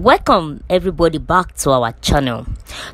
Welcome everybody back to our channel.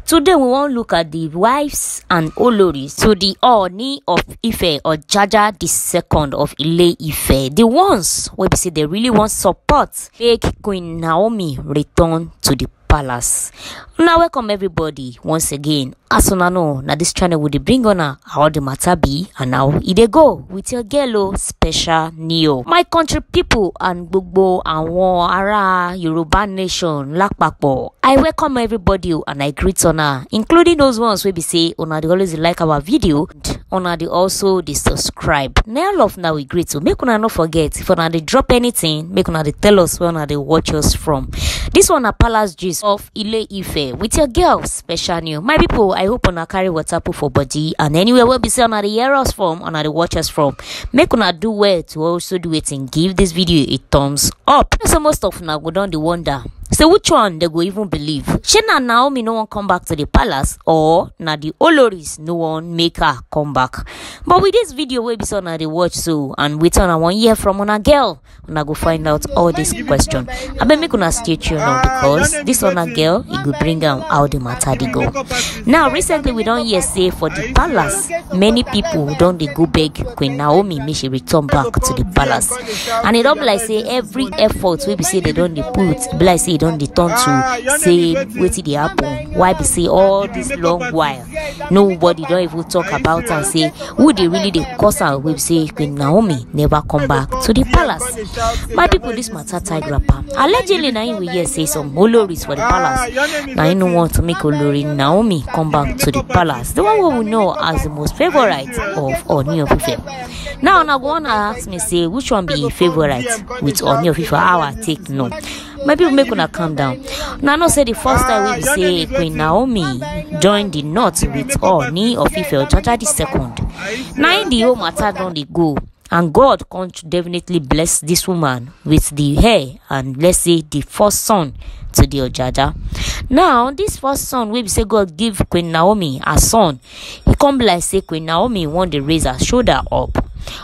Today we want look at the wives and Oloris to the Oni of Ife or Jaja the second of Ile Ife. The ones where we say they really want support make Queen Naomi return to the palace. Now welcome everybody once again aso na no na this channel we dey bring una how the matter be and now e dey go with your girl o special neo my country pipo and gbogbo àwọn ará yorùbá nation lápapọ̀ i welcome everybody and i greet una including those ones wey be say una dey always like our video and una dey also dey subscribe nail all of we greet o make una no forget if una dey drop anything make una dey tell us where una dey watch us from this one na palace gist of ile ife with your girl special neo my pipo I hope una carry water put for body and anywhere we'll be seeing una dey hear us from and dey watch us from. Make una do well to also do it and give this video a thumbs up. So most of una go down the wonder So which one they go even believe? She na Naomi no one come back to the palace or na the Oloris no one make her come back. But with this video we be so na they watch so and wait on a one year from on a girl and I go find out all this question. I bet make una stay tuned on oh, ah, because this on a girl it go bring out all the matter they go. Now recently we don't hear say for the palace many people don't they go beg Queen Naomi make she return back to the palace and it don't like say every effort we be say they don't they put be like say don dey turn to ah, say wetin dey happen why be say all this long while nobody don even talk about am say who dey really dey cause am wey be say queen naomi never come back to the palace my pipo dis matter tight wrapper allegedly na im we hear say some oloris for the ah, palace na im no want to make olori naomi come back to the palace the one wey we know as the most favourite of oni of ife now una go wan ask me say which one be favourite with oni of ife how i take know. My people make una calm down una know say the first time we ah, say queen naomi joined the north with ooni of ife ojaja the second Now im the whole matter don dey go and god come definitely bless this woman with the hair and let's say the first son to the ojaja now this first son wey be say god give queen naomi her son He come be like say queen naomi wan dey raise her shoulder up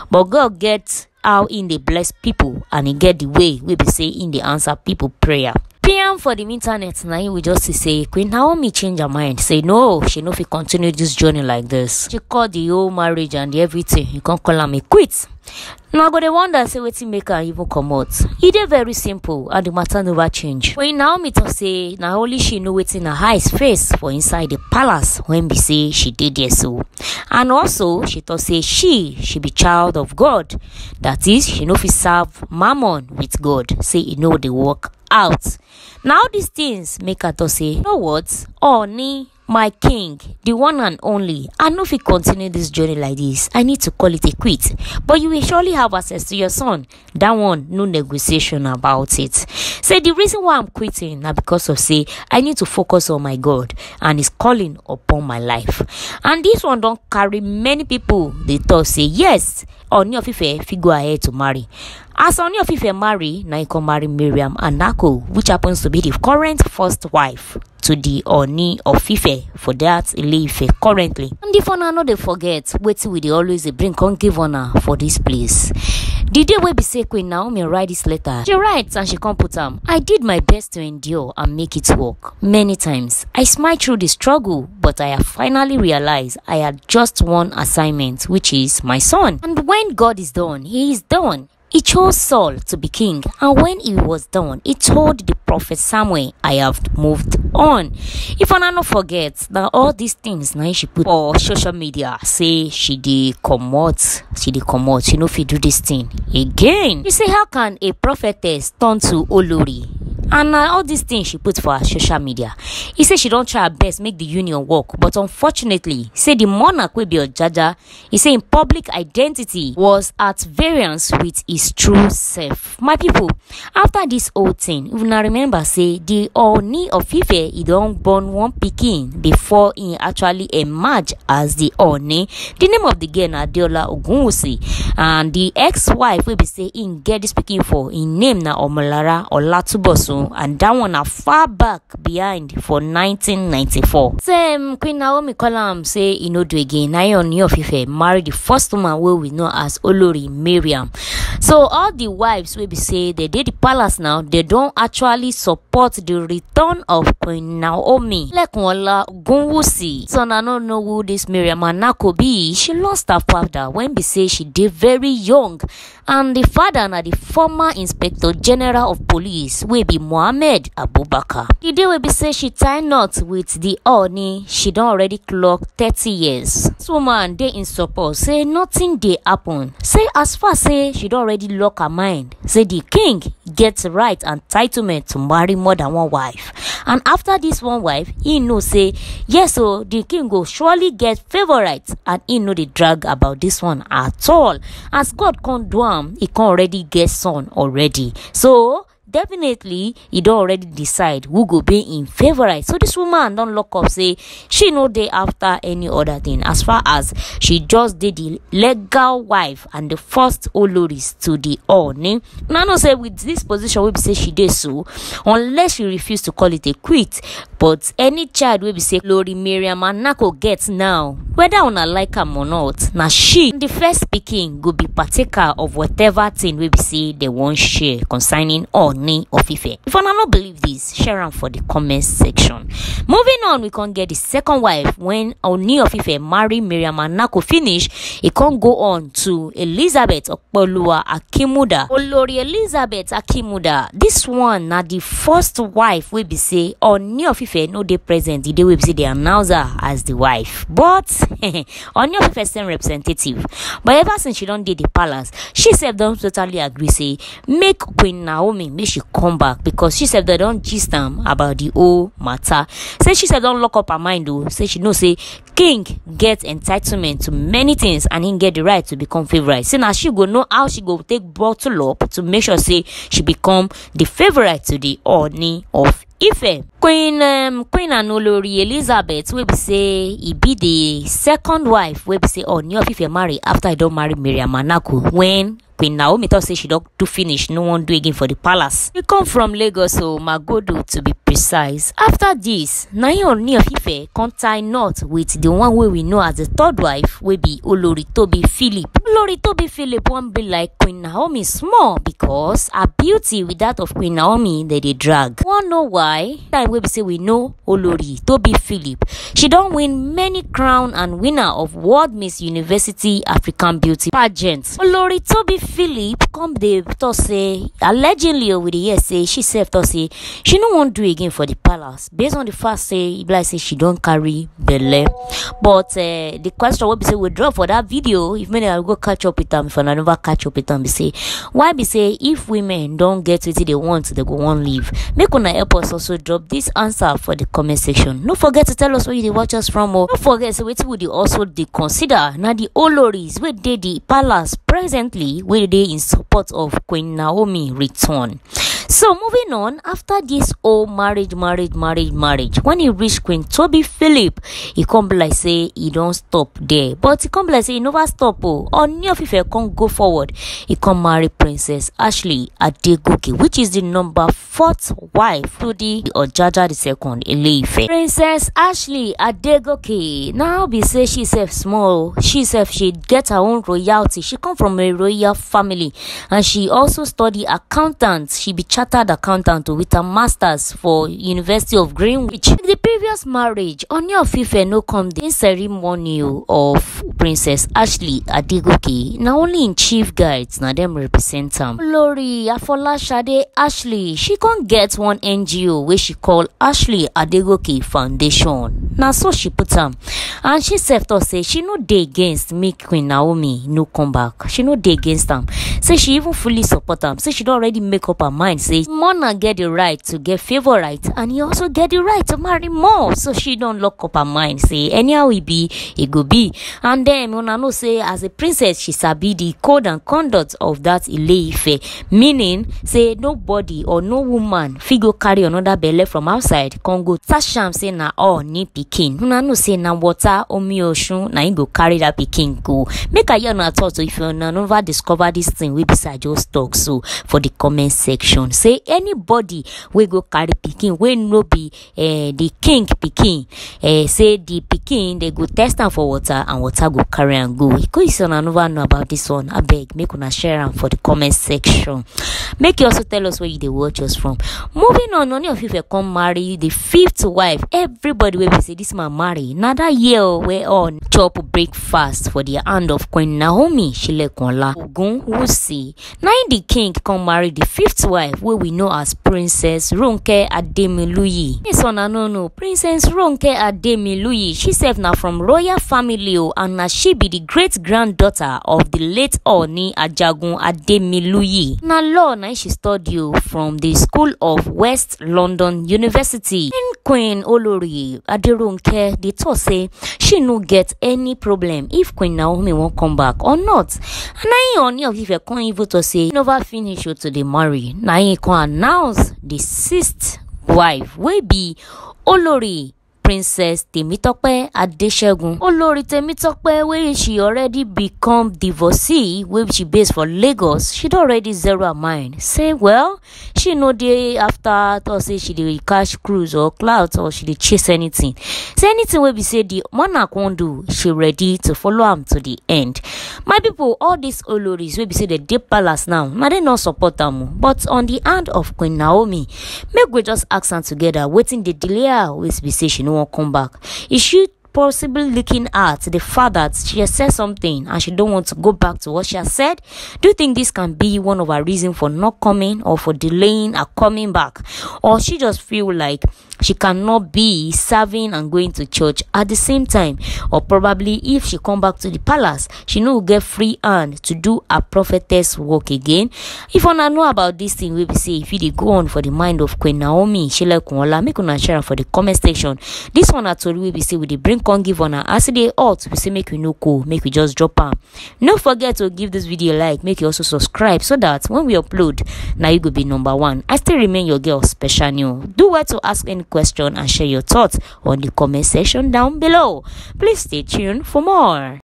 but god get how him dey bless people and e get the way wey be say him dey answer people prayer pm for the internet na we just see say queen naomi change her mind say no she no fit continue this journey like this. she call the whole marriage and everything you con call am a quit now i go dey wonder say wetin make her even comot e dey very simple and the matter never change wen naomi tok say na only she know wetin her eyes face for inside the palace when be say she dey there so and also she tok say she she be child of god that is she no fit serve mammon with god say e no dey work out na all dis tins make her tok say you know what oni my king the one and only i no fit continue this journey like this, i need to call it a quit but you will surely have access to your son That one no negotiation about it say the reason why i'm quitting na because of say i need to focus on my god and his calling upon my life and this one don carry many people. dey talk say yes oni of ife fit go ahead to marry as oni of ife marry na e come marry miriam anako which happens to be the current first wife to di Oni of Ife for dat Ile-Ife currently. And if una no dey forget wetin we dey always dey bring come give una for dis place. di day wey be say queen naomi write dis letter she write and she come put am i did my best to endure and make it work many times i smile through di struggle but i have finally realized i had just one assignment which is my son and when god is done he is done He chose Saul to be king, and when he was done, he told the prophet Samuel, I have moved on. If Anano forgets that all these things now she put on social media, say she did come out, she did come out, you know, if you do this thing again. You see, how can a prophetess turn to Olori and na uh, all these things she put for her social media e say she don try her best make the union work but unfortunately say the monarch wey be ojaja e say im public identity was at variance with his true self my pipo afta dis whole tin una remember say di oni of ife e don born one pikin before e actually emerge as di oni di name of di girl na adeola ogunwusi and di ex wife wey be say im get dis pikin for im name na omolara olatubosun and that one are far back behind for 1994. Same Queen Naomi Colum say e no do again. Naomi Ofife married the first woman wey we know as Olori Miriam. So all the wives will be say they did the palace now, they don't actually support the return of Queen Naomi. Like Lekunwola Gunwusi. So na no know who this Miriam Anako be. She lost her father when be say she dey very young, and the father na the former Inspector General of Police will be mohammed abubakar di deal wey be say she tie knot wit di honey she don already clock thirty years dis woman dey in support say nothing dey happen say as far say she don already lock her mind say di king get right and entitlement to marry more than one wife and after dis one wife e know say yes o di king go surely get favourite and e no dey drag about dis one at all as god come do am e come already get son already so definitely e don already decide who go be im favourite so dis woman don lock up say she no dey after any oda thing. as far as she just dey di legal wife and di first oloris to di ooni una know say wit dis position wey be say she dey so unless she refuse to call it a quit but any child wey be say lori Miriam anako get now weda una like am or not na she and di first pikin go be partaker of whatever thing wey be say dem wan share concerning ooni. Ooni of If una no believe this, share am for the comment section. Moving on, we con get the second wife when Oni of marry Mariam Anako finish, e con go on to Elizabeth Opoluwa Akimuda. Olori Elizabeth Akimuda, this one na the first wife wey be say Oni of no dey present the day wey be say dey announce her as the wife. But Oni of Ife same representative. But ever since she don dey the palace, she sef don totally agree say make Queen Naomi make she come back because she said they don't gist them about the whole matter. Say she said don't lock up her mind though. Say she know say king get entitlement to many things and him get the right to become favourite say na she go know how she go take bottle up to make sure say she become the favourite to the Ooni of Ife. Queen um, Queen Anolori Elizabeth wey be say e be di second wife wey be say Ooni of Ife marry after e don marry Mariam Anako wen queen naomi thought say she don do finish no one do again for the palace. e come from lagos o magodo to be precise. After this, Naomi of Ife can tie knot with the one wey we know as the third wife wey be Oloritobi Philip. Oloritobi Philip won't be like Queen Naomi small because her beauty with that of Queen Naomi dey dey drag. Wan know why? Time wey say we know Oloritobi Philip. She don win many crown and winner of World Miss University African Beauty pageant. Oloritobi Philip come the to say allegedly over dey hear say she said to say she no wan do again for the palace based on the fact say e say she don't carry belle but uh, the question will be say we drop for that video if many i go catch up with them, if i never catch up with them, be say why be say if women don't get what they want they go on leave make una help us also drop this answer for the comment section Don't forget to tell us where you watch us from don't oh. forget say wait we you also dey consider Now the oloris where they the palace presently where they in support of queen naomi return. So moving on, after this whole marriage, marriage, marriage, marriage, when he reached Queen Toby Philip, he come be like say he don't stop there. But he come be like say he never stop oh. Ooni if he can't go forward. He come marry Princess Ashley Adegoke, which is the number fourth wife to the or Ojaja II Ile-Ife. Princess Ashley Adegoke now be say she sef small. Oh. She sef she get her own royalty. She come from a royal family and she also study accountant. She be chartered accountant with a master's for University of Greenwich. the previous marriage, Ooni of Ife no come the ceremony of Princess Ashley Adegoke. Now only in chief guides now them represent am. Olori Afolashade Ashley, she can't get one NGO where she call Ashley Adegoke Foundation. Now so she put them, And she said talk say she no dey against make Queen Naomi no come back. She no dey against them. Say she even fully support them. Say she already make up her mind say Mona get the right to get favorite and he also get the right to marry more so she don lock up her mind say anyhow e be e go be and then una know say as a princess she sabi the code and conduct of that Ile-Ife meaning say nobody or no woman fit go carry another belle from outside come go sash am say na all ni pikin una know say na water omi osun na im go carry that pikin go make i hear una thought if una never discover this thing wey be say i just talk so for the comment section say anybody wey go carry pikin wey no be eh, the king pikin eh, say the pikin dey go test am for water and water go carry am go if una never know about this one abeg make una share am for the comment section make you also tell us where you dey watch us from moving on none of you were come marry the fifth wife everybody wey be say this man marry na that year oh, wey on chop breakfast for the hand of queen naomi shilekunla ogunwusi na im the king come marry the fifth wife wey we know as princess ronke ademiluyi dis one na no know princess ronke ademiluyi she sef na from royal family o oh, and na she be the great granddaughter of the late Oni ajagun ademiluyi na law Onaishi Studio from the School of West London University. In Queen Olori Adirunke, they talk say she no get any problem if Queen Naomi won't come back or not. And I Ooni of Ife come even to say never finish to the marry. Na him come announce the sixth wife wey be Olori Princess Temitope Adesegun. Olori Temitope, where she already become divorcee, where she based for Lagos, she don already zero her mind. Say, well, she no dey after say she dey cash cruise or clout or she dey chase anything. Say anything wey be say the monarch wan do, she ready to follow am to the end. My people, all these Oloris wey be say dem dey palace now, na dem no support am. But on the hand of Queen Naomi, make we just ask am together wetin dey delay her wey be say she no won't come back. It should possibly looking at the fact that she has said something and she don't want to go back to what she has said? Do you think this can be one of her reason for not coming or for delaying her coming back? Or she just feel like she cannot be serving and going to church at the same time or probably if she come back to the palace she no get free hand to do her prophetess work again if una know about this thing we will say if you go on for the mind of queen naomi She shelekunwola make una share for the comment section This one na tori we will say we dey bring come give her. as they dey we say make we no cool make we just drop do no forget to give this video like make you also subscribe so that when we upload now you go be number one i still remain your girl special new do well to ask any question and share your thoughts on the comment section down below please stay tuned for more